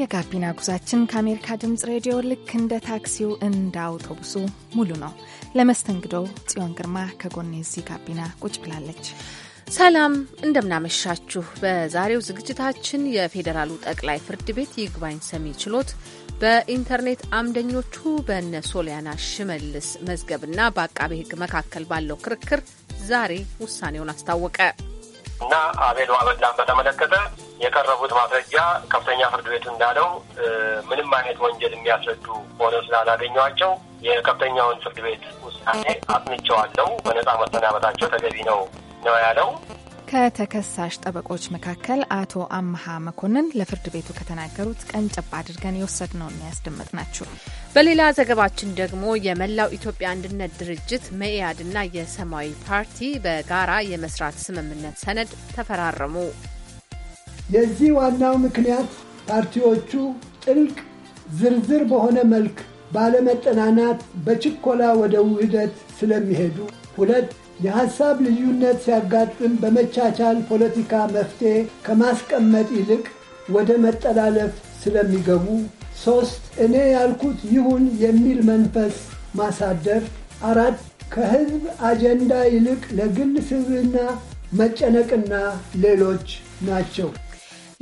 የጋቢና ጉዛችን ከአሜሪካ ድምፅ ሬዲዮ ልክ እንደ ታክሲው እንደ አውቶቡሱ ሙሉ ነው። ለመስተንግዶ ጽዮን ግርማ ከጎኔ እዚህ ጋቢና ቁጭ ብላለች። ሰላም እንደምናመሻችሁ። በዛሬው ዝግጅታችን የፌዴራሉ ጠቅላይ ፍርድ ቤት ይግባኝ ሰሚ ችሎት በኢንተርኔት አምደኞቹ በነ ሶሊያና ሽመልስ መዝገብና በአቃቤ ሕግ መካከል ባለው ክርክር ዛሬ ውሳኔውን አስታወቀ። እና አቤል ማበላን በተመለከተ የቀረቡት ማስረጃ ከፍተኛ ፍርድ ቤቱ እንዳለው ምንም አይነት ወንጀል የሚያስረዱ ሆነው ስላላገኘዋቸው የከፍተኛውን ፍርድ ቤት ውሳኔ አጥንቼዋለሁ፣ በነጻ መሰናበታቸው ተገቢ ነው ነው ያለው። ከተከሳሽ ጠበቆች መካከል አቶ አምሃ መኮንን ለፍርድ ቤቱ ከተናገሩት ቀንጨብ አድርገን ነው የሚያስደምጥ ናቸው በሌላ ዘገባችን ደግሞ የመላው ኢትዮጵያ አንድነት ድርጅት መኢአድና የሰማያዊ ፓርቲ በጋራ የመስራት ስምምነት ሰነድ ተፈራረሙ። የዚህ ዋናው ምክንያት ፓርቲዎቹ ጥልቅ ዝርዝር በሆነ መልክ ባለመጠናናት በችኮላ ወደ ውህደት ስለሚሄዱ ሁለት የሐሳብ ልዩነት ሲያጋጥም በመቻቻል ፖለቲካ መፍትሔ ከማስቀመጥ ይልቅ ወደ መጠላለፍ ስለሚገቡ፣ ሦስት እኔ ያልኩት ይሁን የሚል መንፈስ ማሳደር፣ አራት ከሕዝብ አጀንዳ ይልቅ ለግል ስብዕና መጨነቅና ሌሎች ናቸው።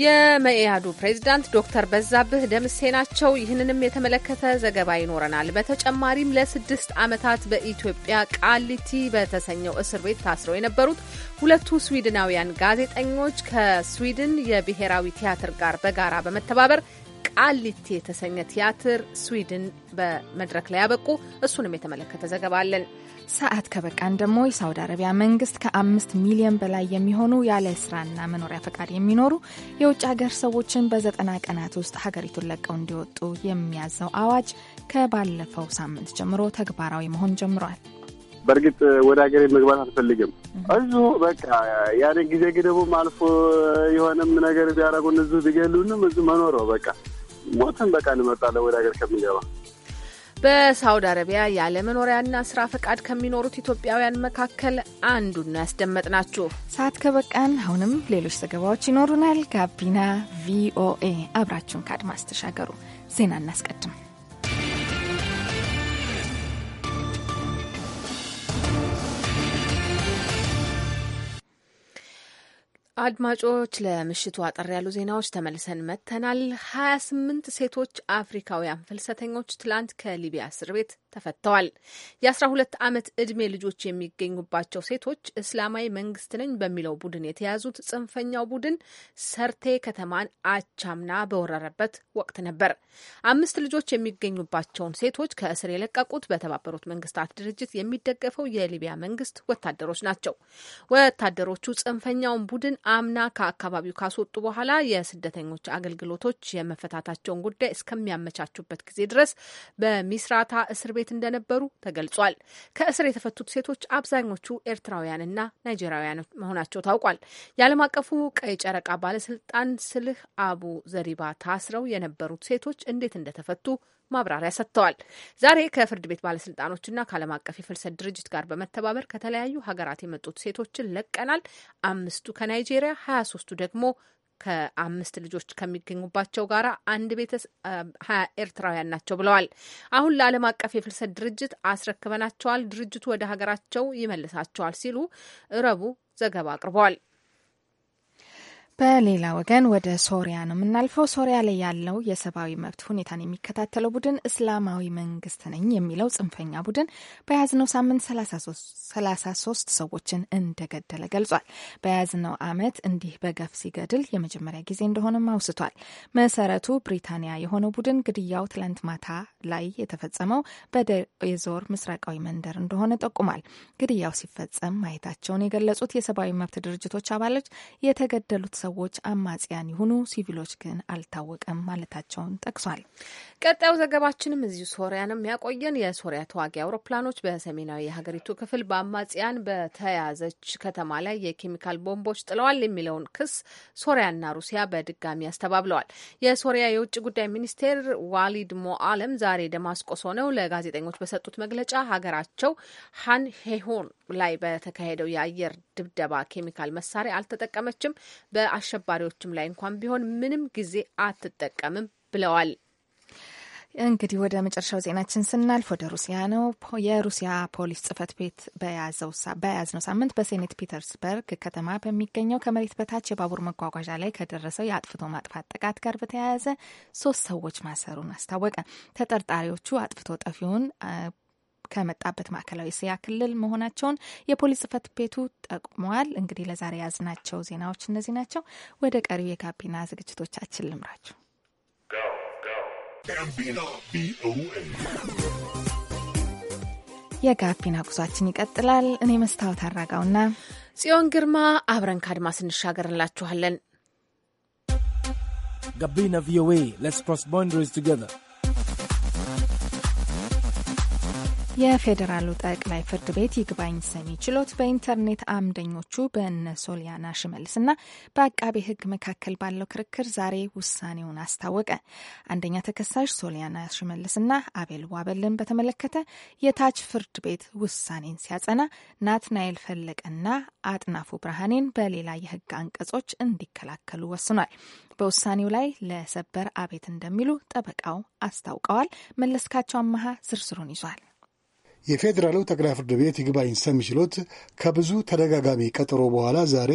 የመኢአዱ ፕሬዚዳንት ዶክተር በዛብህ ደምሴ ናቸው። ይህንንም የተመለከተ ዘገባ ይኖረናል። በተጨማሪም ለስድስት ዓመታት በኢትዮጵያ ቃሊቲ በተሰኘው እስር ቤት ታስረው የነበሩት ሁለቱ ስዊድናውያን ጋዜጠኞች ከስዊድን የብሔራዊ ቲያትር ጋር በጋራ በመተባበር ቃሊቲ የተሰኘ ቲያትር ስዊድን በመድረክ ላይ ያበቁ፣ እሱንም የተመለከተ ዘገባ አለን። ሰዓት ከበቃን ደግሞ የሳውዲ አረቢያ መንግስት ከአምስት ሚሊዮን በላይ የሚሆኑ ያለ ስራና መኖሪያ ፈቃድ የሚኖሩ የውጭ ሀገር ሰዎችን በዘጠና ቀናት ውስጥ ሀገሪቱን ለቀው እንዲወጡ የሚያዘው አዋጅ ከባለፈው ሳምንት ጀምሮ ተግባራዊ መሆን ጀምሯል። በእርግጥ ወደ ሀገሬ መግባት አልፈልግም። እዚሁ በቃ ያኔ ጊዜ ገደቡም አልፎ የሆነም ነገር ቢያደርጉን እዚሁ ቢገሉንም እዚሁ መኖረው በቃ ሞትን በቃ እንመርጣለን ወደ ሀገር ከምንገባ በሳውዲ አረቢያ ያለ መኖሪያና ስራ ፈቃድ ከሚኖሩት ኢትዮጵያውያን መካከል አንዱን ነው ያስደመጥናችሁ። ሰዓት ከበቃን አሁንም ሌሎች ዘገባዎች ይኖሩናል። ጋቢና ቪኦኤ አብራችሁን ከአድማስ ተሻገሩ። ዜና እናስቀድም። አድማጮች ለምሽቱ አጠር ያሉ ዜናዎች ተመልሰን መጥተናል። ሀያ ስምንት ሴቶች አፍሪካውያን ፍልሰተኞች ትላንት ከሊቢያ እስር ቤት ተፈተዋል። የአስራ ሁለት ዓመት ዕድሜ ልጆች የሚገኙባቸው ሴቶች እስላማዊ መንግስት ነኝ በሚለው ቡድን የተያዙት ጽንፈኛው ቡድን ሰርቴ ከተማን አቻምና በወረረበት ወቅት ነበር። አምስት ልጆች የሚገኙባቸውን ሴቶች ከእስር የለቀቁት በተባበሩት መንግስታት ድርጅት የሚደገፈው የሊቢያ መንግስት ወታደሮች ናቸው። ወታደሮቹ ጽንፈኛውን ቡድን አምና ከአካባቢው ካስወጡ በኋላ የስደተኞች አገልግሎቶች የመፈታታቸውን ጉዳይ እስከሚያመቻቹበት ጊዜ ድረስ በሚስራታ እስር ቤት እንደነበሩ ተገልጿል። ከእስር የተፈቱት ሴቶች አብዛኞቹ ኤርትራውያንና ናይጄሪያውያን መሆናቸው ታውቋል። የዓለም አቀፉ ቀይ ጨረቃ ባለስልጣን ስልህ አቡ ዘሪባ ታስረው የነበሩት ሴቶች እንዴት እንደተፈቱ ማብራሪያ ሰጥተዋል። ዛሬ ከፍርድ ቤት ባለስልጣኖችና ከዓለም አቀፍ የፍልሰት ድርጅት ጋር በመተባበር ከተለያዩ ሀገራት የመጡት ሴቶችን ለቀናል። አምስቱ ከናይጄሪያ፣ ሀያ ሶስቱ ደግሞ ከአምስት ልጆች ከሚገኙባቸው ጋር አንድ ቤተሰብ ሀያ ኤርትራውያን ናቸው ብለዋል። አሁን ለዓለም አቀፍ የፍልሰት ድርጅት አስረክበናቸዋል። ድርጅቱ ወደ ሀገራቸው ይመልሳቸዋል ሲሉ እረቡ ዘገባ አቅርበዋል። በሌላ ወገን ወደ ሶሪያ ነው የምናልፈው። ሶሪያ ላይ ያለው የሰብአዊ መብት ሁኔታን የሚከታተለው ቡድን እስላማዊ መንግስት ነኝ የሚለው ጽንፈኛ ቡድን በያዝነው ሳምንት 33 ሶስት ሰዎችን እንደገደለ ገልጿል። በያዝነው አመት እንዲህ በገፍ ሲገድል የመጀመሪያ ጊዜ እንደሆነም አውስቷል። መሰረቱ ብሪታንያ የሆነው ቡድን ግድያው ትላንት ማታ ላይ የተፈጸመው በደየዞር ምስራቃዊ መንደር እንደሆነ ጠቁሟል። ግድያው ሲፈጸም ማየታቸውን የገለጹት የሰብአዊ መብት ድርጅቶች አባሎች የተገደሉት ሰዎች አማጽያን ይሁኑ ሲቪሎች ግን አልታወቀም ማለታቸውን ጠቅሷል። ቀጣዩ ዘገባችንም እዚሁ ሶሪያ ነው የሚያቆየን። የሶሪያ ተዋጊ አውሮፕላኖች በሰሜናዊ የሀገሪቱ ክፍል በአማጽያን በተያዘች ከተማ ላይ የኬሚካል ቦምቦች ጥለዋል የሚለውን ክስ ሶሪያና ሩሲያ በድጋሚ አስተባብለዋል። የሶሪያ የውጭ ጉዳይ ሚኒስቴር ዋሊድ ሞአለም ዛሬ ደማስቆስ ሆነው ለጋዜጠኞች በሰጡት መግለጫ ሀገራቸው ሀን ሄሆን ላይ በተካሄደው የአየር ድብደባ ኬሚካል መሳሪያ አልተጠቀመችም፣ በአሸባሪዎችም ላይ እንኳን ቢሆን ምንም ጊዜ አትጠቀምም ብለዋል። እንግዲህ ወደ መጨረሻው ዜናችን ስናልፍ ወደ ሩሲያ ነው። የሩሲያ ፖሊስ ጽህፈት ቤት በያዝነው ሳምንት በሴኔት ፒተርስበርግ ከተማ በሚገኘው ከመሬት በታች የባቡር መጓጓዣ ላይ ከደረሰው የአጥፍቶ ማጥፋት ጥቃት ጋር በተያያዘ ሶስት ሰዎች ማሰሩን አስታወቀ። ተጠርጣሪዎቹ አጥፍቶ ጠፊውን ከመጣበት ማዕከላዊ እስያ ክልል መሆናቸውን የፖሊስ ጽህፈት ቤቱ ጠቁሟል። እንግዲህ ለዛሬ ያዝናቸው ዜናዎች እነዚህ ናቸው። ወደ ቀሪው የጋቢና ዝግጅቶቻችን ልምራችሁ። ጋቢና ቪኦኤ የጋቢና ጉዟችን ይቀጥላል። እኔ መስታወት አራጋውና ጽዮን ግርማ አብረን ከአድማስ እንሻገር ጋቢና ቪኦኤ ሌትስ ክሮስ ባውንደሪስ ቱጌዘር የፌዴራሉ ጠቅላይ ፍርድ ቤት ይግባኝ ሰሚ ችሎት በኢንተርኔት አምደኞቹ በእነ ሶሊያና ሽመልስና በአቃቤ ሕግ መካከል ባለው ክርክር ዛሬ ውሳኔውን አስታወቀ። አንደኛ ተከሳሽ ሶሊያና ሽመልስና አቤል ዋበልን በተመለከተ የታች ፍርድ ቤት ውሳኔን ሲያጸና ናትናኤል ፈለቀና አጥናፉ ብርሃኔን በሌላ የሕግ አንቀጾች እንዲከላከሉ ወስኗል። በውሳኔው ላይ ለሰበር አቤት እንደሚሉ ጠበቃው አስታውቀዋል። መለስካቸው አመሃ ዝርዝሩን ይዟል። የፌዴራሉ ጠቅላይ ፍርድ ቤት ይግባኝ ሰሚ ችሎት ከብዙ ተደጋጋሚ ቀጠሮ በኋላ ዛሬ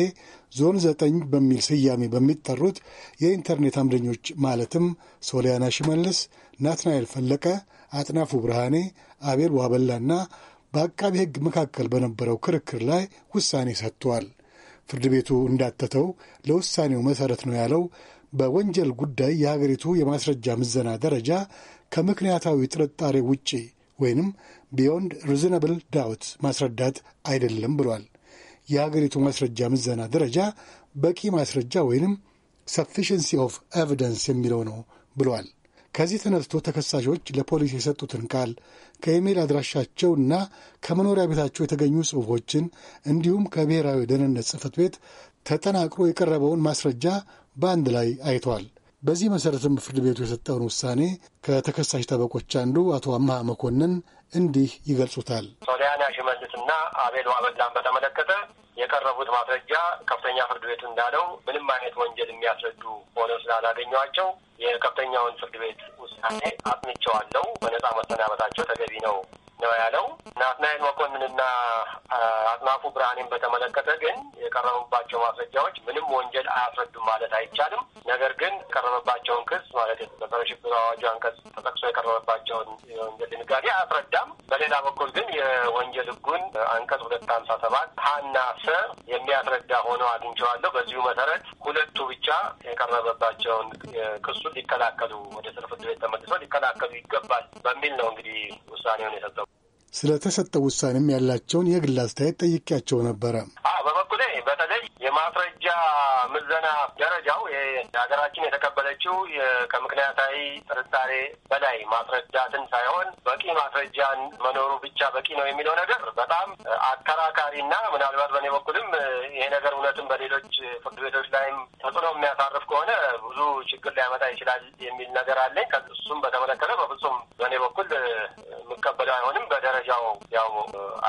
ዞን ዘጠኝ በሚል ስያሜ በሚጠሩት የኢንተርኔት አምደኞች ማለትም ሶሊያና ሽመልስ፣ ናትናኤል ፈለቀ፣ አጥናፉ ብርሃኔ፣ አቤል ዋበላና በአቃቢ ሕግ መካከል በነበረው ክርክር ላይ ውሳኔ ሰጥቷል። ፍርድ ቤቱ እንዳተተው ለውሳኔው መሠረት ነው ያለው በወንጀል ጉዳይ የሀገሪቱ የማስረጃ ምዘና ደረጃ ከምክንያታዊ ጥርጣሬ ውጪ ወይንም ቢዮንድ ሪዝናብል ዳውት ማስረዳት አይደለም ብሏል። የሀገሪቱ ማስረጃ ምዘና ደረጃ በቂ ማስረጃ ወይንም ሰፊሽንሲ ኦፍ ኤቪደንስ የሚለው ነው ብሏል። ከዚህ ተነስቶ ተከሳሾች ለፖሊስ የሰጡትን ቃል ከኢሜይል እና ከመኖሪያ ቤታቸው የተገኙ ጽሑፎችን እንዲሁም ከብሔራዊ ደህንነት ጽህፈት ቤት ተጠናቅሮ የቀረበውን ማስረጃ በአንድ ላይ አይተዋል። በዚህ መሠረትም ፍርድ ቤቱ የሰጠውን ውሳኔ ከተከሳሽ ጠበቆች አንዱ አቶ አምሃ መኮንን እንዲህ ይገልጹታል። ሶሊያና ሽመልስና አቤል ዋበላን በተመለከተ የቀረቡት ማስረጃ ከፍተኛ ፍርድ ቤቱ እንዳለው ምንም አይነት ወንጀል የሚያስረዱ ሆነው ስላላገኘዋቸው የከፍተኛውን ፍርድ ቤት ውሳኔ አጥንቸዋለሁ። በነጻ መሰናበታቸው ተገቢ ነው ነው ያለው። ናትናኤል መኮንንና አጥናፉ ብርሃኔን በተመለከተ ግን የቀረበባቸው ማስረጃዎች ምንም ወንጀል አያስረዱም ማለት አይቻልም። ነገር ግን የቀረበባቸውን ክስ ማለት በጸረ ሽብር አዋጁ አንቀጽ ተጠቅሶ የቀረበባቸውን የወንጀል ድንጋጌ አያስረዳም። በሌላ በኩል ግን የወንጀል ሕጉን አንቀጽ ሁለት ሀምሳ ሰባት ሀና ሰ የሚያስረዳ ሆኖ አግኝቸዋለሁ። በዚሁ መሰረት ሁለቱ ብቻ የቀረበባቸውን ክሱን ሊከላከሉ ወደ ስር ፍርድ ቤት ተመልሰው ሊከላከሉ ይገባል በሚል ነው እንግዲህ ውሳኔውን የሰጠው። ስለተሰጠው ውሳኔም ያላቸውን የግል አስተያየት ጠይቄያቸው ነበረ። በተለይ የማስረጃ ምዘና ደረጃው ሀገራችን የተቀበለችው ከምክንያታዊ ጥርጣሬ በላይ ማስረዳትን ሳይሆን በቂ ማስረጃን መኖሩ ብቻ በቂ ነው የሚለው ነገር በጣም አከራካሪና ምናልባት በእኔ በኩልም ይሄ ነገር እውነትም በሌሎች ፍርድ ቤቶች ላይም ተጽዕኖ የሚያሳርፍ ከሆነ ብዙ ችግር ሊያመጣ ይችላል የሚል ነገር አለኝ። ከእሱም በተመለከተ በፍጹም በእኔ በኩል የምቀበለው አይሆንም። በደረጃው ያው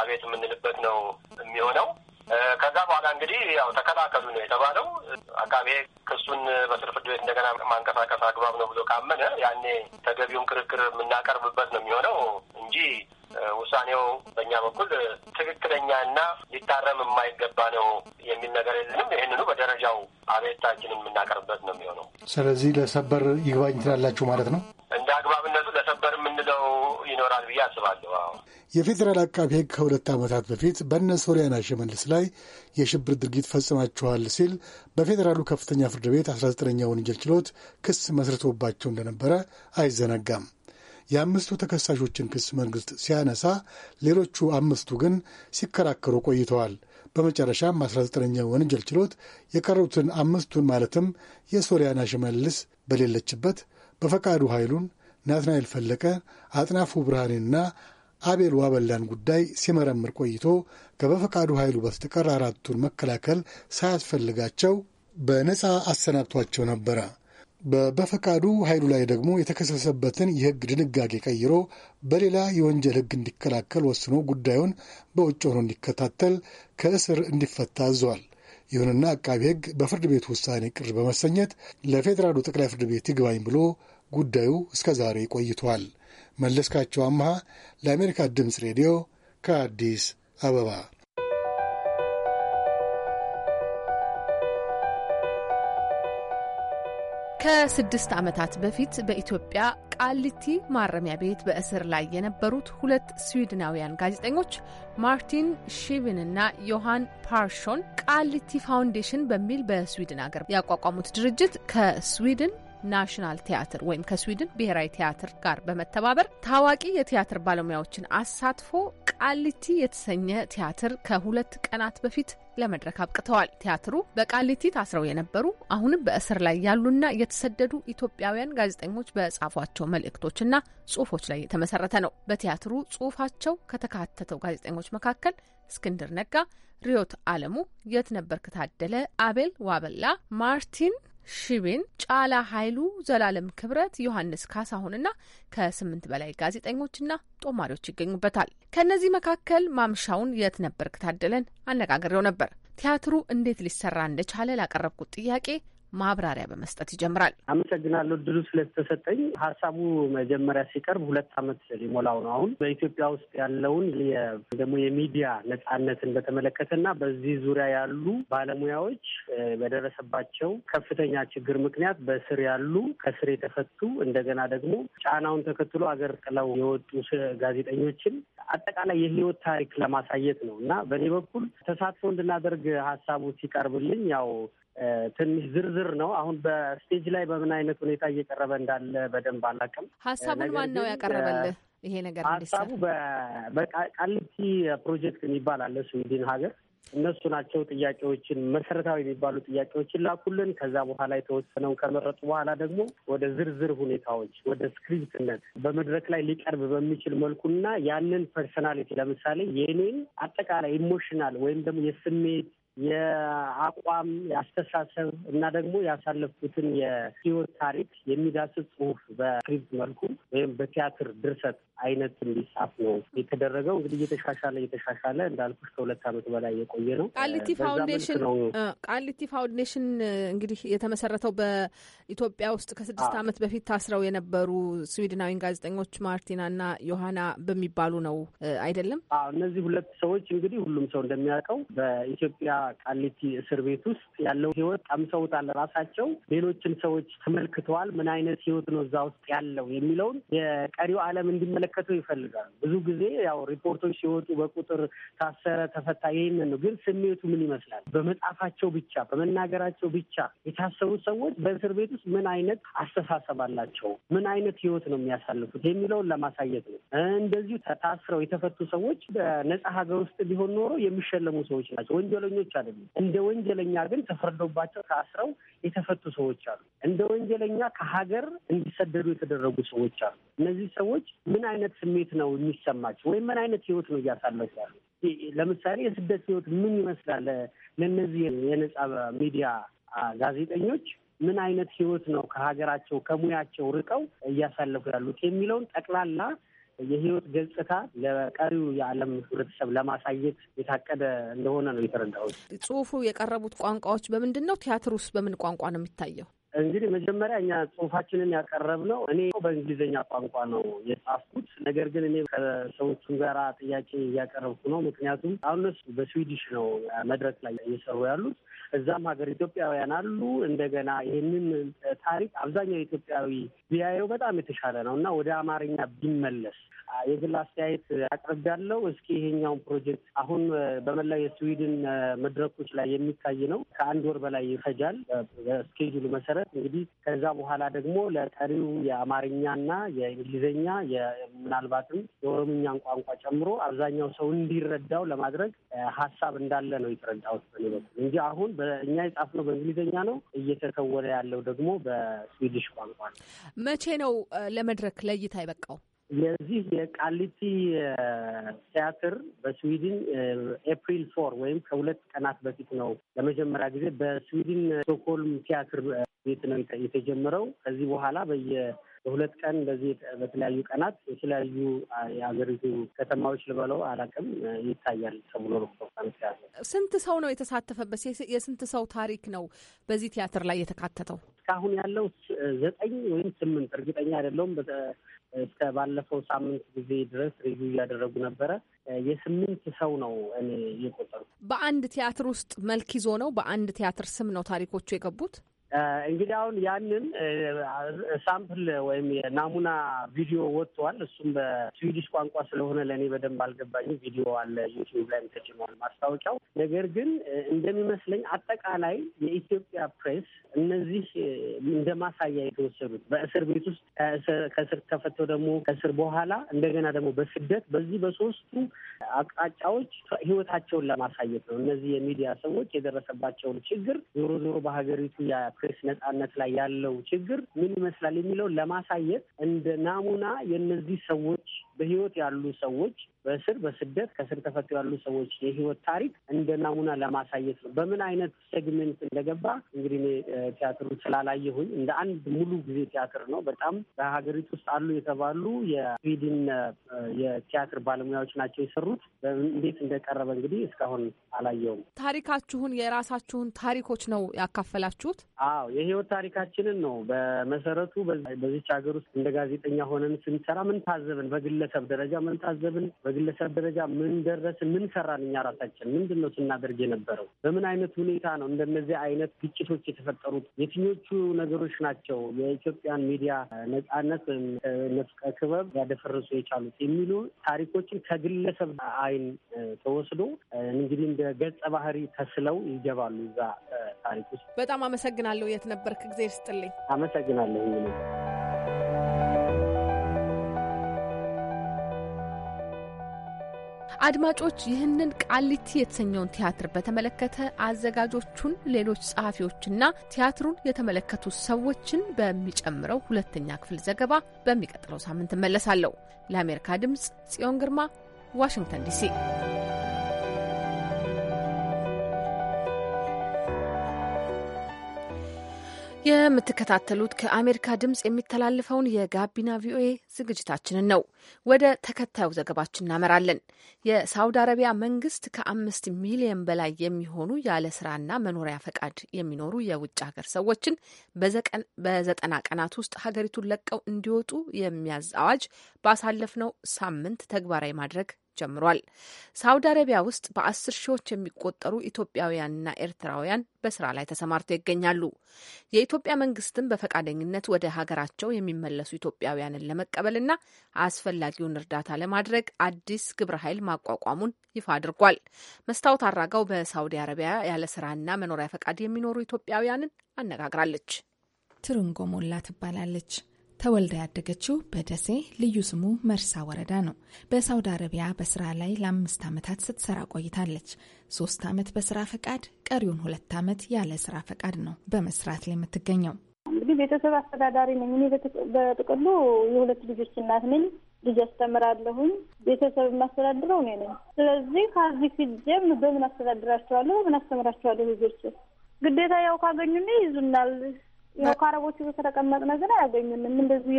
አቤት የምንልበት ነው የሚሆነው። ከዛ በኋላ እንግዲህ ያው ተከላከሉ ነው የተባለው። አቃቤ ክሱን በስር ፍርድ ቤት እንደገና ማንቀሳቀስ አግባብ ነው ብሎ ካመነ ያኔ ተገቢውን ክርክር የምናቀርብበት ነው የሚሆነው እንጂ ውሳኔው በእኛ በኩል ትክክለኛና ሊታረም የማይገባ ነው የሚል ነገር የለንም። ይህንኑ በደረጃው አቤታችንን የምናቀርብበት ነው የሚሆነው። ስለዚህ ለሰበር ይግባኝ ትላላችሁ ማለት ነው? እንደ አግባብነቱ ለሰበር የምንለው ይኖራል ብዬ አስባለሁ። የፌዴራል አቃቢ ሕግ ከሁለት ዓመታት በፊት በነ ሶሊያና ሽመልስ ላይ የሽብር ድርጊት ፈጽማችኋል ሲል በፌዴራሉ ከፍተኛ ፍርድ ቤት አስራ ዘጠነኛ ወንጀል ችሎት ክስ መስርቶባቸው እንደነበረ አይዘነጋም። የአምስቱ ተከሳሾችን ክስ መንግስት ሲያነሳ፣ ሌሎቹ አምስቱ ግን ሲከራከሩ ቆይተዋል። በመጨረሻም 19ኛ ወንጀል ችሎት የቀሩትን አምስቱን ማለትም የሶሊያና ሽመልስ በሌለችበት በፈቃዱ ኃይሉን፣ ናትናኤል ፈለቀ፣ አጥናፉ ብርሃኔና አቤል ዋበላን ጉዳይ ሲመረምር ቆይቶ ከበፈቃዱ ኃይሉ በስተቀር አራቱን መከላከል ሳያስፈልጋቸው በነፃ አሰናብቷቸው ነበረ። በበፈቃዱ ኃይሉ ላይ ደግሞ የተከሰሰበትን የሕግ ድንጋጌ ቀይሮ በሌላ የወንጀል ሕግ እንዲከላከል ወስኖ ጉዳዩን በውጭ ሆኖ እንዲከታተል ከእስር እንዲፈታ አዟል። ይሁንና አቃቢ ሕግ በፍርድ ቤት ውሳኔ ቅር በመሰኘት ለፌዴራሉ ጠቅላይ ፍርድ ቤት ይግባኝ ብሎ ጉዳዩ እስከ ዛሬ ቆይቷል። መለስካቸው አምሃ ለአሜሪካ ድምፅ ሬዲዮ ከአዲስ አበባ ከስድስት ዓመታት በፊት በኢትዮጵያ ቃሊቲ ማረሚያ ቤት በእስር ላይ የነበሩት ሁለት ስዊድናውያን ጋዜጠኞች ማርቲን ሺቪን እና ዮሃን ፓርሾን ቃሊቲ ፋውንዴሽን በሚል በስዊድን አገር ያቋቋሙት ድርጅት ከስዊድን ናሽናል ቲያትር ወይም ከስዊድን ብሔራዊ ቲያትር ጋር በመተባበር ታዋቂ የቲያትር ባለሙያዎችን አሳትፎ ቃሊቲ የተሰኘ ቲያትር ከሁለት ቀናት በፊት ለመድረክ አብቅተዋል። ቲያትሩ በቃሊቲ ታስረው የነበሩ አሁንም በእስር ላይ ያሉና የተሰደዱ ኢትዮጵያውያን ጋዜጠኞች በጻፏቸው መልእክቶችና ጽሁፎች ላይ የተመሰረተ ነው። በቲያትሩ ጽሁፋቸው ከተካተተው ጋዜጠኞች መካከል እስክንድር ነጋ፣ ሪዮት አለሙ፣ የት ነበርክ ታደለ፣ አቤል ዋበላ፣ ማርቲን ሽቢን ጫላ ኃይሉ፣ ዘላለም ክብረት፣ ዮሐንስ ካሳሁንና ከስምንት በላይ ጋዜጠኞችና ጦማሪዎች ይገኙበታል። ከእነዚህ መካከል ማምሻውን የት ነበር ክታደለን አነጋግሬው ነበር። ቲያትሩ እንዴት ሊሰራ እንደቻለ ላቀረብኩት ጥያቄ ማብራሪያ በመስጠት ይጀምራል። አመሰግናለሁ እድሉ ስለተሰጠኝ። ሀሳቡ መጀመሪያ ሲቀርብ ሁለት ዓመት ሊሞላው ነው አሁን በኢትዮጵያ ውስጥ ያለውን ደግሞ የሚዲያ ነጻነትን በተመለከተ እና በዚህ ዙሪያ ያሉ ባለሙያዎች በደረሰባቸው ከፍተኛ ችግር ምክንያት በስር ያሉ ከስር የተፈቱ እንደገና ደግሞ ጫናውን ተከትሎ አገር ጥለው የወጡ ጋዜጠኞችን አጠቃላይ የህይወት ታሪክ ለማሳየት ነው እና በእኔ በኩል ተሳትፎ እንድናደርግ ሀሳቡ ሲቀርብልኝ ያው ትንሽ ዝርዝር ነው። አሁን በስቴጅ ላይ በምን አይነት ሁኔታ እየቀረበ እንዳለ በደንብ አላውቅም። ሀሳቡን ማን ነው ያቀረበልህ? ይሄ ነገር ሀሳቡ በቃሊቲ ፕሮጀክት የሚባል አለ ስዊድን ሀገር እነሱ ናቸው ጥያቄዎችን መሰረታዊ የሚባሉ ጥያቄዎችን ላኩልን። ከዛ በኋላ የተወሰነውን ከመረጡ በኋላ ደግሞ ወደ ዝርዝር ሁኔታዎች ወደ ስክሪፕትነት በመድረክ ላይ ሊቀርብ በሚችል መልኩና ያንን ፐርሰናሊቲ ለምሳሌ የኔን አጠቃላይ ኢሞሽናል ወይም ደግሞ የስሜት የአቋም የአስተሳሰብ እና ደግሞ ያሳለፉትን የህይወት ታሪክ የሚዳስስ ጽሁፍ በስክሪፕት መልኩ ወይም በቲያትር ድርሰት አይነት እንዲጻፍ ነው የተደረገው። እንግዲህ እየተሻሻለ እየተሻሻለ እንዳልኩሽ ከሁለት ዓመት በላይ የቆየ ነው። ቃሊቲ ፋውንዴሽን ቃሊቲ ፋውንዴሽን እንግዲህ የተመሰረተው በኢትዮጵያ ውስጥ ከስድስት ዓመት በፊት ታስረው የነበሩ ስዊድናዊን ጋዜጠኞች ማርቲና እና ዮሐና በሚባሉ ነው አይደለም? እነዚህ ሁለት ሰዎች እንግዲህ ሁሉም ሰው እንደሚያውቀው በኢትዮጵያ ቃሊቲ እስር ቤት ውስጥ ያለው ህይወት ቀምሰውታል። ራሳቸው ሌሎችን ሰዎች ተመልክተዋል። ምን አይነት ህይወት ነው እዛ ውስጥ ያለው የሚለውን የቀሪው ዓለም እንዲመለከተው ይፈልጋል። ብዙ ጊዜ ያው ሪፖርቶች ሲወጡ በቁጥር ታሰረ፣ ተፈታ ይህንን ነው። ግን ስሜቱ ምን ይመስላል? በመጻፋቸው ብቻ በመናገራቸው ብቻ የታሰሩ ሰዎች በእስር ቤት ውስጥ ምን አይነት አስተሳሰብ አላቸው? ምን አይነት ህይወት ነው የሚያሳልፉት የሚለውን ለማሳየት ነው። እንደዚሁ ታስረው የተፈቱ ሰዎች በነጻ ሀገር ውስጥ ቢሆን ኖሮ የሚሸለሙ ሰዎች ናቸው። ወንጀለኞች ሰዎች አይደሉም። እንደ ወንጀለኛ ግን ተፈርዶባቸው ታስረው የተፈቱ ሰዎች አሉ። እንደ ወንጀለኛ ከሀገር እንዲሰደዱ የተደረጉ ሰዎች አሉ። እነዚህ ሰዎች ምን አይነት ስሜት ነው የሚሰማቸው? ወይም ምን አይነት ህይወት ነው እያሳለፉ ያሉ? ለምሳሌ የስደት ህይወት ምን ይመስላል? ለእነዚህ የነጻ ሚዲያ ጋዜጠኞች ምን አይነት ህይወት ነው ከሀገራቸው ከሙያቸው ርቀው እያሳለፉ ያሉት የሚለውን ጠቅላላ የህይወት ገጽታ ለቀሪው የዓለም ህብረተሰብ ለማሳየት የታቀደ እንደሆነ ነው የተረዳሁት። ጽሁፉ የቀረቡት ቋንቋዎች በምንድን ነው? ቲያትር ውስጥ በምን ቋንቋ ነው የሚታየው? እንግዲህ መጀመሪያ እኛ ጽሁፋችንን ያቀረብነው እኔ በእንግሊዝኛ ቋንቋ ነው የጻፍኩት። ነገር ግን እኔ ከሰዎቹም ጋራ ጥያቄ እያቀረብኩ ነው። ምክንያቱም አሁን እነሱ በስዊዲሽ ነው መድረክ ላይ እየሰሩ ያሉት። እዛም ሀገር ኢትዮጵያውያን አሉ። እንደገና ይህንን ታሪክ አብዛኛው ኢትዮጵያዊ ቢያየው በጣም የተሻለ ነው እና ወደ አማርኛ ቢመለስ የግል አስተያየት ያለው እስኪ ይሄኛውን ፕሮጀክት አሁን በመላው የስዊድን መድረኮች ላይ የሚታይ ነው። ከአንድ ወር በላይ ይፈጃል በስኬጁሉ መሰረት ማለት እንግዲህ ከዛ በኋላ ደግሞ ለቀሪው የአማርኛና የእንግሊዝኛ ምናልባትም የኦሮምኛን ቋንቋ ጨምሮ አብዛኛው ሰው እንዲረዳው ለማድረግ ሀሳብ እንዳለ ነው የተረዳሁት በኔ በኩል እንጂ አሁን በእኛ የጻፍነው በእንግሊዝኛ ነው። እየተከወለ ያለው ደግሞ በስዊድሽ ቋንቋ ነው። መቼ ነው ለመድረክ ለእይታ የበቃው? የዚህ የቃሊቲ ቲያትር በስዊድን ኤፕሪል ፎር ወይም ከሁለት ቀናት በፊት ነው ለመጀመሪያ ጊዜ በስዊድን ስቶክሆልም ቲያትር ቤት ነው የተጀመረው። ከዚህ በኋላ በየ በሁለት ቀን በዚህ በተለያዩ ቀናት የተለያዩ የሀገሪቱ ከተማዎች ልበለው አላውቅም ይታያል ተብሎ ስንት ሰው ነው የተሳተፈበት? የስንት ሰው ታሪክ ነው በዚህ ቲያትር ላይ የተካተተው? እስካሁን ያለው ዘጠኝ ወይም ስምንት እርግጠኛ አይደለውም? እስከ ባለፈው ሳምንት ጊዜ ድረስ ሪቪው እያደረጉ ነበረ። የስምንት ሰው ነው እኔ የቆጠሩ። በአንድ ቲያትር ውስጥ መልክ ይዞ ነው፣ በአንድ ቲያትር ስም ነው ታሪኮቹ የገቡት። እንግዲህ አሁን ያንን ሳምፕል ወይም የናሙና ቪዲዮ ወጥቷል። እሱም በስዊዲሽ ቋንቋ ስለሆነ ለእኔ በደንብ አልገባኝም። ቪዲዮ አለ ዩቲዩብ ላይም ተጭኗል ማስታወቂያው። ነገር ግን እንደሚመስለኝ አጠቃላይ የኢትዮጵያ ፕሬስ እነዚህ እንደ ማሳያ የተወሰዱት በእስር ቤት ውስጥ ከእስር ተፈተው ደግሞ ከእስር በኋላ እንደገና ደግሞ በስደት በዚህ በሶስቱ አቅጣጫዎች ህይወታቸውን ለማሳየት ነው። እነዚህ የሚዲያ ሰዎች የደረሰባቸውን ችግር ዞሮ ዞሮ በሀገሪቱ ፕሬስ ነጻነት ላይ ያለው ችግር ምን ይመስላል የሚለው ለማሳየት እንደ ናሙና የእነዚህ ሰዎች በህይወት ያሉ ሰዎች በእስር በስደት ከእስር ተፈቶ ያሉ ሰዎች የህይወት ታሪክ እንደ ናሙና ለማሳየት ነው። በምን አይነት ሴግመንት እንደገባ እንግዲህ እኔ ቲያትሩ ስላላየሁኝ እንደ አንድ ሙሉ ጊዜ ቲያትር ነው። በጣም በሀገሪቱ ውስጥ አሉ የተባሉ የስዊድን የቲያትር ባለሙያዎች ናቸው የሰሩት። እንዴት እንደቀረበ እንግዲህ እስካሁን አላየውም። ታሪካችሁን የራሳችሁን ታሪኮች ነው ያካፈላችሁት? አዎ የህይወት ታሪካችንን ነው። በመሰረቱ በዚች ሀገር ውስጥ እንደ ጋዜጠኛ ሆነን ስንሰራ ምን ታዘብን በግል በግለሰብ ደረጃ ምን ታዘብን፣ በግለሰብ ደረጃ ምን ደረስ? ምን ሰራን፣ እኛ ራሳችን ምንድን ነው ስናደርግ የነበረው፣ በምን አይነት ሁኔታ ነው እንደነዚህ አይነት ግጭቶች የተፈጠሩት፣ የትኞቹ ነገሮች ናቸው የኢትዮጵያን ሚዲያ ነጻነት ነፍቀ ክበብ ያደፈረሱ የቻሉት የሚሉ ታሪኮችን ከግለሰብ አይን ተወስዶ እንግዲህ እንደ ገጸ ባህሪ ተስለው ይገባሉ እዛ ታሪክ ውስጥ። በጣም አመሰግናለሁ። የት ነበርክ? ጊዜ ስጥልኝ። አመሰግናለሁ። አድማጮች ይህንን ቃሊቲ የተሰኘውን ቲያትር በተመለከተ አዘጋጆቹን፣ ሌሎች ጸሐፊዎችና ቲያትሩን የተመለከቱ ሰዎችን በሚጨምረው ሁለተኛ ክፍል ዘገባ በሚቀጥለው ሳምንት እመለሳለሁ። ለአሜሪካ ድምፅ ጽዮን ግርማ፣ ዋሽንግተን ዲሲ። የምትከታተሉት ከአሜሪካ ድምፅ የሚተላለፈውን የጋቢና ቪኦኤ ዝግጅታችንን ነው። ወደ ተከታዩ ዘገባችን እናመራለን። የሳውዲ አረቢያ መንግስት ከአምስት ሚሊዮን በላይ የሚሆኑ ያለ ስራና መኖሪያ ፈቃድ የሚኖሩ የውጭ ሀገር ሰዎችን በዘጠና ቀናት ውስጥ ሀገሪቱን ለቀው እንዲወጡ የሚያዝ አዋጅ ባሳለፍነው ሳምንት ተግባራዊ ማድረግ ጀምሯል። ሳውዲ አረቢያ ውስጥ በአስር ሺዎች የሚቆጠሩ ኢትዮጵያውያንና ኤርትራውያን በስራ ላይ ተሰማርተው ይገኛሉ። የኢትዮጵያ መንግስትም በፈቃደኝነት ወደ ሀገራቸው የሚመለሱ ኢትዮጵያውያንን ለመቀበልና አስፈላጊውን እርዳታ ለማድረግ አዲስ ግብረ ኃይል ማቋቋሙን ይፋ አድርጓል። መስታወት አራጋው በሳውዲ አረቢያ ያለ ስራና መኖሪያ ፈቃድ የሚኖሩ ኢትዮጵያውያንን አነጋግራለች። ሞላ ትባላለች። ተወልዳ ያደገችው በደሴ ልዩ ስሙ መርሳ ወረዳ ነው። በሳውዲ አረቢያ በስራ ላይ ለአምስት ዓመታት ስትሰራ ቆይታለች። ሶስት ዓመት በስራ ፈቃድ፣ ቀሪውን ሁለት ዓመት ያለ ስራ ፈቃድ ነው በመስራት ላይ የምትገኘው። እንግዲህ ቤተሰብ አስተዳዳሪ ነኝ እኔ። በጥቅሉ የሁለት ልጆች እናት ነኝ። ልጅ አስተምራለሁኝ። ቤተሰብ የማስተዳድረው እኔ ነኝ። ስለዚህ ከዚህ ሲጀም በምን አስተዳድራቸዋለሁ? በምን አስተምራቸዋለሁ? ልጆች ግዴታ ያው ካገኙ ይዙናል ያው ከአረቦቹ ከተቀመጥነ ግን አያገኙንም። እንደዚሁ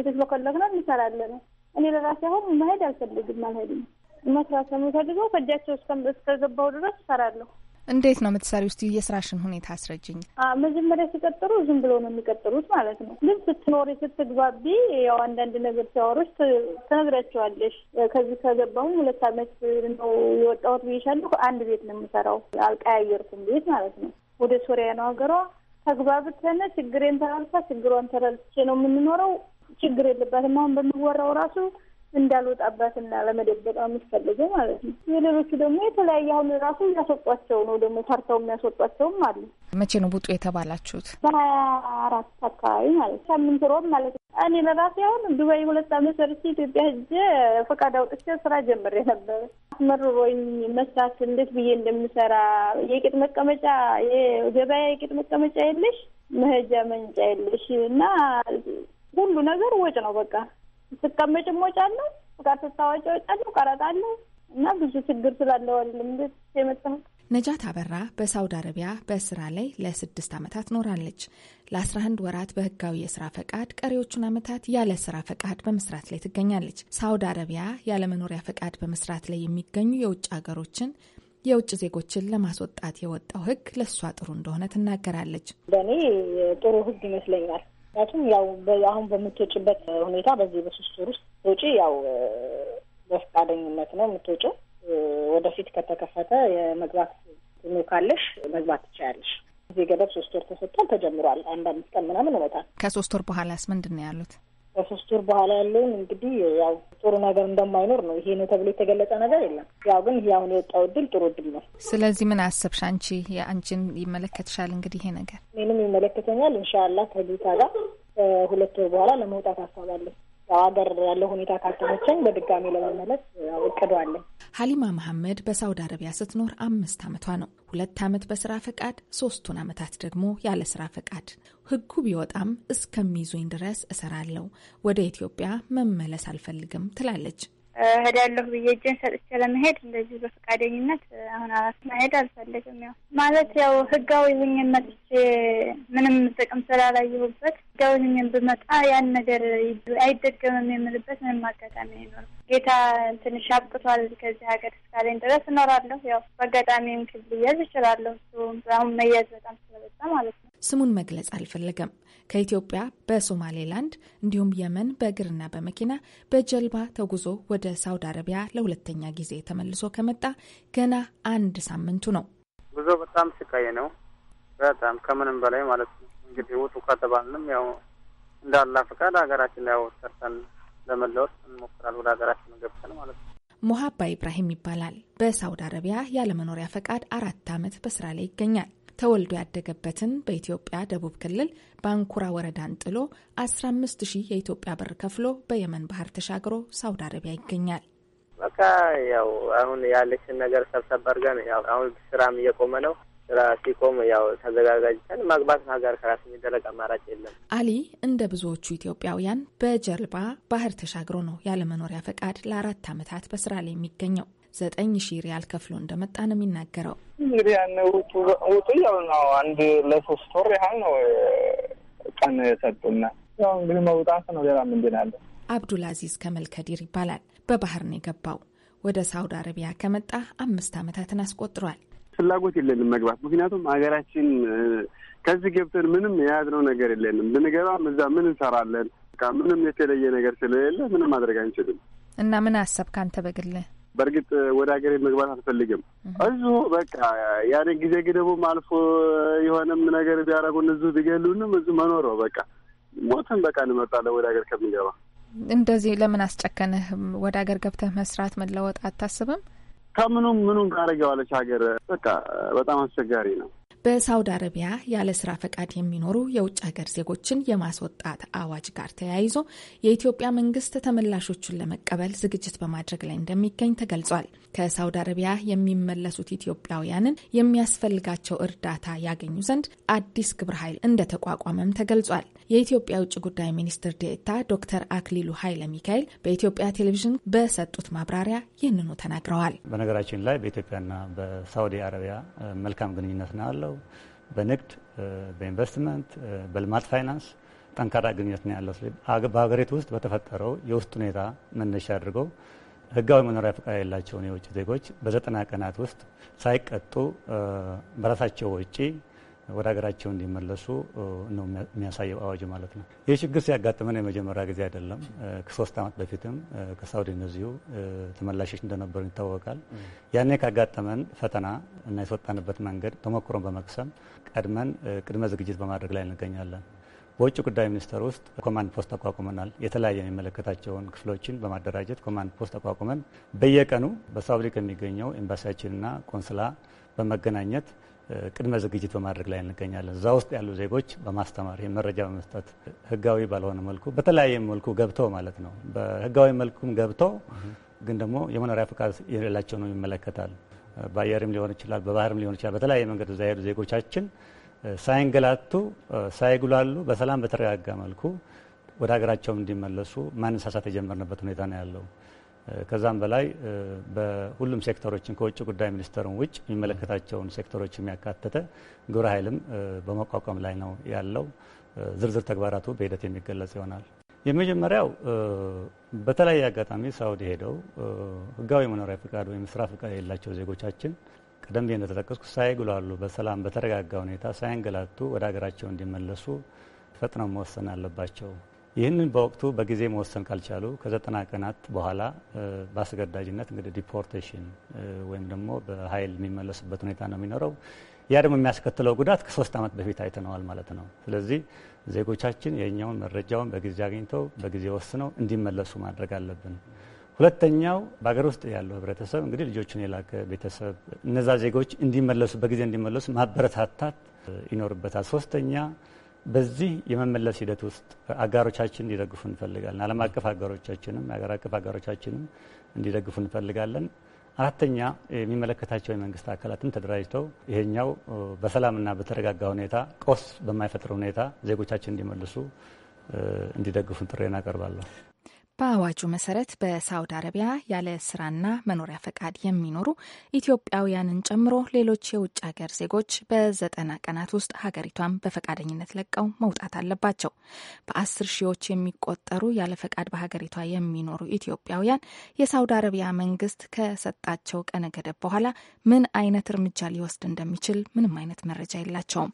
ነው እንሰራለን። እኔ ለራሴ አሁን መሄድ አልፈልግም፣ አልሄድም። መስራት ነው የምፈልገው። ከእጃቸው እስከገባው ድረስ እሰራለሁ። እንዴት ነው የምትሰሪው? እስቲ የስራሽን ሁኔታ አስረጅኝ። መጀመሪያ ሲቀጥሩ ዝም ብሎ ነው የሚቀጥሩት ማለት ነው። ግን ስትኖሪ ስትግባቢ፣ ያው አንዳንድ ነገር ሲያወሩሽ ትነግራቸዋለሽ። ከዚህ ከገባሁም ሁለት አመት ነው የወጣሁት ብዬሻለሁ። አንድ ቤት ነው የምሰራው፣ አልቀያየርኩም ቤት ማለት ነው። ወደ ሶሪያ ነው ሀገሯ ተግባብተን ችግሬን ተረድታ ችግሯን ተረድቼ ነው የምንኖረው። ችግር የለባትም። አሁን በሚወራው ራሱ እንዳልወጣባትና ለመደበቅ ነው የሚፈልገው ማለት ነው። የሌሎቹ ደግሞ የተለያየ አሁን ራሱ እያስወጧቸው ነው ደግሞ ፈርተው የሚያስወጧቸውም አሉ። መቼ ነው ቡጡ የተባላችሁት? በሀያ አራት አካባቢ ማለት ሳምንት ሮም ማለት ነው። እኔ ለራሴ አሁን ዱባይ ሁለት አመት ሰርቼ ኢትዮጵያ ሄጄ ፈቃድ አውጥቼ ስራ ጀምሬ ነበር። አስመርሮኝ መስራት እንዴት ብዬ እንደምሰራ የቂጥ መቀመጫ ገበያ የቂጥ መቀመጫ የለሽ መሄጃ መንጫ የለሽ እና ሁሉ ነገር ወጭ ነው በቃ ስትቀመጭም ሞጫለሁ፣ ጋር ስታዋጭ ወጫለሁ፣ ቀረጣለሁ እና ብዙ ችግር ስላለ አይደለም የመጣሁት። ነጃት አበራ በሳውዲ አረቢያ በስራ ላይ ለስድስት ዓመታት ኖራለች። ለአስራ አንድ ወራት በህጋዊ የስራ ፈቃድ፣ ቀሪዎቹን ዓመታት ያለ ስራ ፈቃድ በመስራት ላይ ትገኛለች። ሳውዲ አረቢያ ያለመኖሪያ ፈቃድ በመስራት ላይ የሚገኙ የውጭ ሀገሮችን የውጭ ዜጎችን ለማስወጣት የወጣው ህግ ለእሷ ጥሩ እንደሆነ ትናገራለች። በእኔ ጥሩ ህግ ይመስለኛል። ምክንያቱም ያው አሁን በምትወጭበት ሁኔታ በዚህ በሶስት ወር ውስጥ ውጪ ያው በፈቃደኝነት ነው የምትወጭው። ወደፊት ከተከፈተ የመግባት ኑ ካለሽ መግባት ትችያለሽ። እዚህ ገደብ ሶስት ወር ተሰጥቷል፣ ተጀምሯል። አንድ አምስት ቀን ምናምን ይወጣል። ከሶስት ወር በኋላስ ምንድን ነው ያሉት? ከሶስት ወር በኋላ ያለውን እንግዲህ ያው ጥሩ ነገር እንደማይኖር ነው። ይሄ ነው ተብሎ የተገለጸ ነገር የለም። ያው ግን ይሄ አሁን የወጣው እድል ጥሩ እድል ነው። ስለዚህ ምን አሰብሽ አንቺ? የአንቺን ይመለከትሻል እንግዲህ ይሄ ነገር። እኔንም ይመለከተኛል። እንሻላ ከጌታ ጋር ሁለት ወር በኋላ ለመውጣት አስባለሁ። ያው ሀገር ያለው ሁኔታ ካልተመቸኝ በድጋሚ ለመመለስ እቅዷለን። ሀሊማ መሐመድ በሳውዲ አረቢያ ስትኖር አምስት ዓመቷ ነው። ሁለት ዓመት በስራ ፈቃድ፣ ሶስቱን ዓመታት ደግሞ ያለ ስራ ፈቃድ ህጉ ቢወጣም እስከሚይዙኝ ድረስ እሰራለሁ። ወደ ኢትዮጵያ መመለስ አልፈልግም ትላለች። እሄዳለሁ ብዬ እጄን ሰጥቼ ለመሄድ እንደዚህ በፈቃደኝነት አሁን አራት መሄድ አልፈልግም። ያው ማለት ያው ህጋዊ ሁኝን መጥቼ ምንም ጥቅም ስላላየሁበት ህጋዊ ሁኝን ብመጣ ያን ነገር አይደገምም የምልበት ምንም አጋጣሚ አይኖርም። ጌታ ትንሽ አብቅቷል ከዚህ ሀገር እስካለኝ ድረስ እኖራለሁ። ያው በአጋጣሚም ክል ብያዝ እችላለሁ። እሱ አሁን መያዝ በጣም ስለበዛ ማለት ነው ስሙን መግለጽ አልፈለገም። ከኢትዮጵያ በሶማሌላንድ እንዲሁም የመን በእግርና በመኪና በጀልባ ተጉዞ ወደ ሳውዲ አረቢያ ለሁለተኛ ጊዜ ተመልሶ ከመጣ ገና አንድ ሳምንቱ ነው። ጉዞ በጣም ስቃይ ነው። በጣም ከምንም በላይ ማለት ነው። እንግዲህ ውጡ ከተባልንም ያው እንደ አላህ ሀገራችን ላይ ሰርተን ለመለወጥ እንሞክራል። ወደ ሀገራችን ገብተን ማለት ነው። ሙሀባ ኢብራሂም ይባላል። በሳውዲ አረቢያ ያለመኖሪያ ፈቃድ አራት ዓመት በስራ ላይ ይገኛል። ተወልዶ ያደገበትን በኢትዮጵያ ደቡብ ክልል ባንኩራ ወረዳን ጥሎ 15 ሺህ የኢትዮጵያ ብር ከፍሎ በየመን ባህር ተሻግሮ ሳውዲ አረቢያ ይገኛል። በቃ ያው አሁን ያለችን ነገር ሰብሰብ አድርገን ያው አሁን ስራም እየቆመ ነው። ስራ ሲቆም ያው ተዘጋጋጅተን ማግባት ሀገር ከራስ የሚደረግ አማራጭ የለም። አሊ እንደ ብዙዎቹ ኢትዮጵያውያን በጀልባ ባህር ተሻግሮ ነው ያለመኖሪያ ፈቃድ ለአራት ዓመታት በስራ ላይ የሚገኘው። ዘጠኝ ሺህ ሪያል ከፍሎ እንደመጣ ነው የሚናገረው። እንግዲህ ያን ውጡ ውጡ እያሉ ነው። አንድ ለሶስት ወር ያህል ነው ቀን የሰጡና ያው እንግዲህ መውጣት ነው። ሌላ ምንድን አለ። አብዱል አዚዝ ከመልከዲር ይባላል። በባህር ነው የገባው። ወደ ሳውዲ አረቢያ ከመጣ አምስት ዓመታትን አስቆጥሯል። ፍላጎት የለንም መግባት። ምክንያቱም ሀገራችን ከዚህ ገብተን ምንም የያዝነው ነገር የለንም። ብንገባም እዛ ምን እንሰራለን? ምንም የተለየ ነገር ስለሌለ ምንም ማድረግ አንችልም። እና ምን አሰብክ አንተ በግልህ? በእርግጥ ወደ ሀገሬ መግባት አልፈልግም። እዚሁ በቃ ያኔ ጊዜ ገደቡም አልፎ የሆነም ነገር ቢያደርጉን እዚሁ ቢገሉንም እዚሁ መኖር በቃ ሞትን በቃ እንመርጣለን ወደ ሀገር ከምንገባ። እንደዚህ ለምን አስጨከንህ? ወደ ሀገር ገብተህ መስራት መለወጥ አታስብም? ከምኑም ምኑም ጋር ገባለች ሀገር። በቃ በጣም አስቸጋሪ ነው። በሳውዲ አረቢያ ያለ ስራ ፈቃድ የሚኖሩ የውጭ ሀገር ዜጎችን የማስወጣት አዋጅ ጋር ተያይዞ የኢትዮጵያ መንግስት ተመላሾቹን ለመቀበል ዝግጅት በማድረግ ላይ እንደሚገኝ ተገልጿል። ከሳውዲ አረቢያ የሚመለሱት ኢትዮጵያውያንን የሚያስፈልጋቸው እርዳታ ያገኙ ዘንድ አዲስ ግብረ ኃይል እንደተቋቋመም ተገልጿል። የኢትዮጵያ ውጭ ጉዳይ ሚኒስትር ዴኤታ ዶክተር አክሊሉ ኃይለ ሚካኤል በኢትዮጵያ ቴሌቪዥን በሰጡት ማብራሪያ ይህንኑ ተናግረዋል። በነገራችን ላይ በኢትዮጵያና በሳውዲ አረቢያ መልካም ግንኙነት ነው ያለው። በንግድ፣ በኢንቨስትመንት፣ በልማት ፋይናንስ ጠንካራ ግንኙነት ነው ያለው። በሀገሪቱ ውስጥ በተፈጠረው የውስጥ ሁኔታ መነሻ አድርገው ህጋዊ መኖሪያ ፈቃድ የሌላቸውን የውጭ ዜጎች በዘጠና ቀናት ውስጥ ሳይቀጡ በራሳቸው ወጪ ወደ ሀገራቸው እንዲመለሱ ነው የሚያሳየው አዋጅ ማለት ነው። ይህ ችግር ሲያጋጥመን የመጀመሪያ ጊዜ አይደለም። ከሶስት ዓመት በፊትም ከሳውዲ እነዚሁ ተመላሾች እንደነበሩ ይታወቃል። ያኔ ካጋጠመን ፈተና እና የተወጣንበት መንገድ ተሞክሮን በመቅሰም ቀድመን ቅድመ ዝግጅት በማድረግ ላይ እንገኛለን። በውጭ ጉዳይ ሚኒስቴር ውስጥ ኮማንድ ፖስት ተቋቁመናል። የተለያየ የሚመለከታቸውን ክፍሎችን በማደራጀት ኮማንድ ፖስት ተቋቁመን በየቀኑ በሳውዲ ከሚገኘው ኤምባሲያችንና ቆንስላ በመገናኘት ቅድመ ዝግጅት በማድረግ ላይ እንገኛለን። እዛ ውስጥ ያሉ ዜጎች በማስተማር መረጃ በመስጠት ህጋዊ ባልሆነ መልኩ በተለያየ መልኩ ገብተው ማለት ነው። በህጋዊ መልኩም ገብተው ግን ደግሞ የመኖሪያ ፍቃድ የሌላቸው ነው ይመለከታል። በአየርም ሊሆን ይችላል፣ በባህርም ሊሆን ይችላል። በተለያየ መንገድ እዛ ያሉ ዜጎቻችን ሳይንገላቱ ሳይጉላሉ በሰላም በተረጋጋ መልኩ ወደ ሀገራቸውም እንዲመለሱ ማነሳሳት የጀመርንበት ሁኔታ ነው ያለው። ከዛም በላይ በሁሉም ሴክተሮችን ከውጭ ጉዳይ ሚኒስቴሩን ውጭ የሚመለከታቸውን ሴክተሮች የሚያካተተ ግብረ ኃይልም በመቋቋም ላይ ነው ያለው። ዝርዝር ተግባራቱ በሂደት የሚገለጽ ይሆናል። የመጀመሪያው በተለያየ አጋጣሚ ሳውዲ ሄደው ህጋዊ መኖሪያ ፈቃድ ወይም ስራ ፍቃድ የሌላቸው ዜጎቻችን ቀደም ብዬ እንደተጠቀስኩ ሳይጉላሉ በሰላም በተረጋጋ ሁኔታ ሳያንገላቱ ወደ ሀገራቸው እንዲመለሱ ፈጥነው መወሰን አለባቸው። ይህንን በወቅቱ በጊዜ መወሰን ካልቻሉ ከዘጠና ቀናት በኋላ በአስገዳጅነት እንግዲህ ዲፖርቴሽን ወይም ደግሞ በኃይል የሚመለሱበት ሁኔታ ነው የሚኖረው። ያ ደግሞ የሚያስከትለው ጉዳት ከሶስት ዓመት በፊት አይተነዋል ማለት ነው። ስለዚህ ዜጎቻችን የኛውን መረጃውን በጊዜ አግኝተው በጊዜ ወስነው እንዲመለሱ ማድረግ አለብን። ሁለተኛው በሀገር ውስጥ ያለው ህብረተሰብ እንግዲህ ልጆቹን የላከ ቤተሰብ እነዛ ዜጎች እንዲመለሱ በጊዜ እንዲመለሱ ማበረታታት ይኖርበታል። ሶስተኛ በዚህ የመመለስ ሂደት ውስጥ አጋሮቻችን እንዲደግፉ እንፈልጋለን። ዓለም አቀፍ አጋሮቻችንም የሀገር አቀፍ አጋሮቻችንም እንዲደግፉ እንፈልጋለን። አራተኛ የሚመለከታቸው የመንግስት አካላትም ተደራጅተው ይሄኛው በሰላምና በተረጋጋ ሁኔታ ቀውስ በማይፈጥር ሁኔታ ዜጎቻችን እንዲመልሱ እንዲደግፉን ጥሬን አቀርባለሁ። በአዋጁ መሰረት በሳውዲ አረቢያ ያለ ስራና መኖሪያ ፈቃድ የሚኖሩ ኢትዮጵያውያንን ጨምሮ ሌሎች የውጭ ሀገር ዜጎች በዘጠና ቀናት ውስጥ ሀገሪቷን በፈቃደኝነት ለቀው መውጣት አለባቸው። በአስር ሺዎች የሚቆጠሩ ያለ ፈቃድ በሀገሪቷ የሚኖሩ ኢትዮጵያውያን የሳውዲ አረቢያ መንግስት ከሰጣቸው ቀነ ገደብ በኋላ ምን አይነት እርምጃ ሊወስድ እንደሚችል ምንም አይነት መረጃ የላቸውም።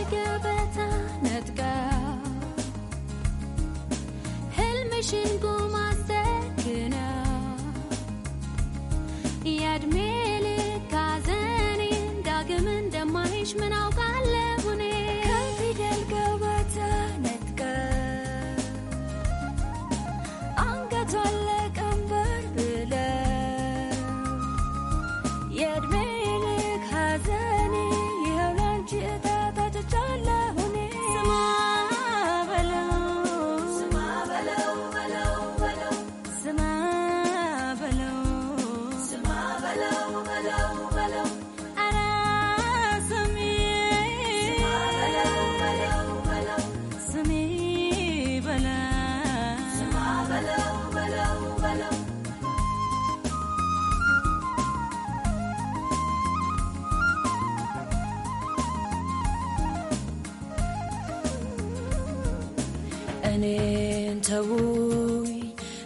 እኔን ተውኝ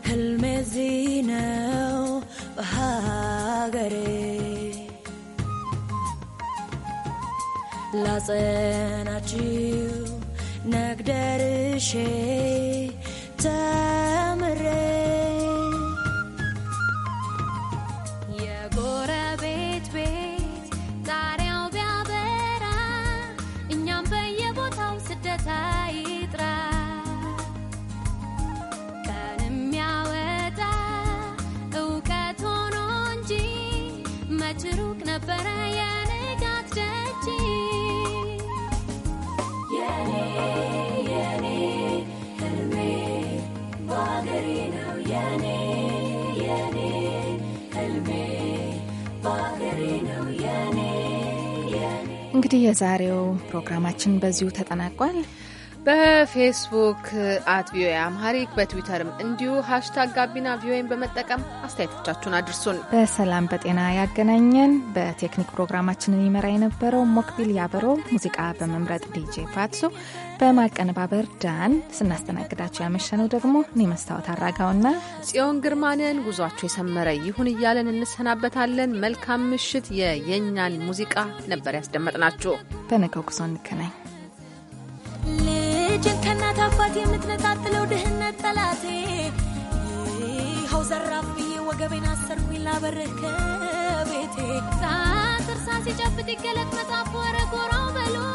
ህልሜ እዚህ ነው በሀገሬ ላጸናችው ነግደርሼ እንግዲህ የዛሬው ፕሮግራማችን በዚሁ ተጠናቋል። በፌስቡክ አት ቪኦኤ አምሃሪክ በትዊተርም እንዲሁ ሀሽታግ ጋቢና ቪኦኤን በመጠቀም አስተያየቶቻችሁን አድርሱን። በሰላም በጤና ያገናኘን። በቴክኒክ ፕሮግራማችንን ይመራ የነበረው ሞክቢል ያበሮ፣ ሙዚቃ በመምረጥ ዲጄ ፋትሶ፣ በማቀነባበር ዳን፣ ስናስተናግዳቸው ያመሸነው ደግሞ እኔ መስታወት አራጋውና ጽዮን ግርማንን። ጉዟቸው የሰመረ ይሁን እያለን እንሰናበታለን። መልካም ምሽት። የየኛን ሙዚቃ ነበር ያስደመጥናችሁ። በነገው ጉዞ እንገናኝ። አባት የምትነጣጥለው ድህነት ጠላቴ ይኸው ዘራፍዬ ወገቤን አሰርኩኝ ላበረከ ቤቴ ሳትርሳ ሲጨብጥ ይገለጥ መጽሐፍ ወረ ጎራው በሎ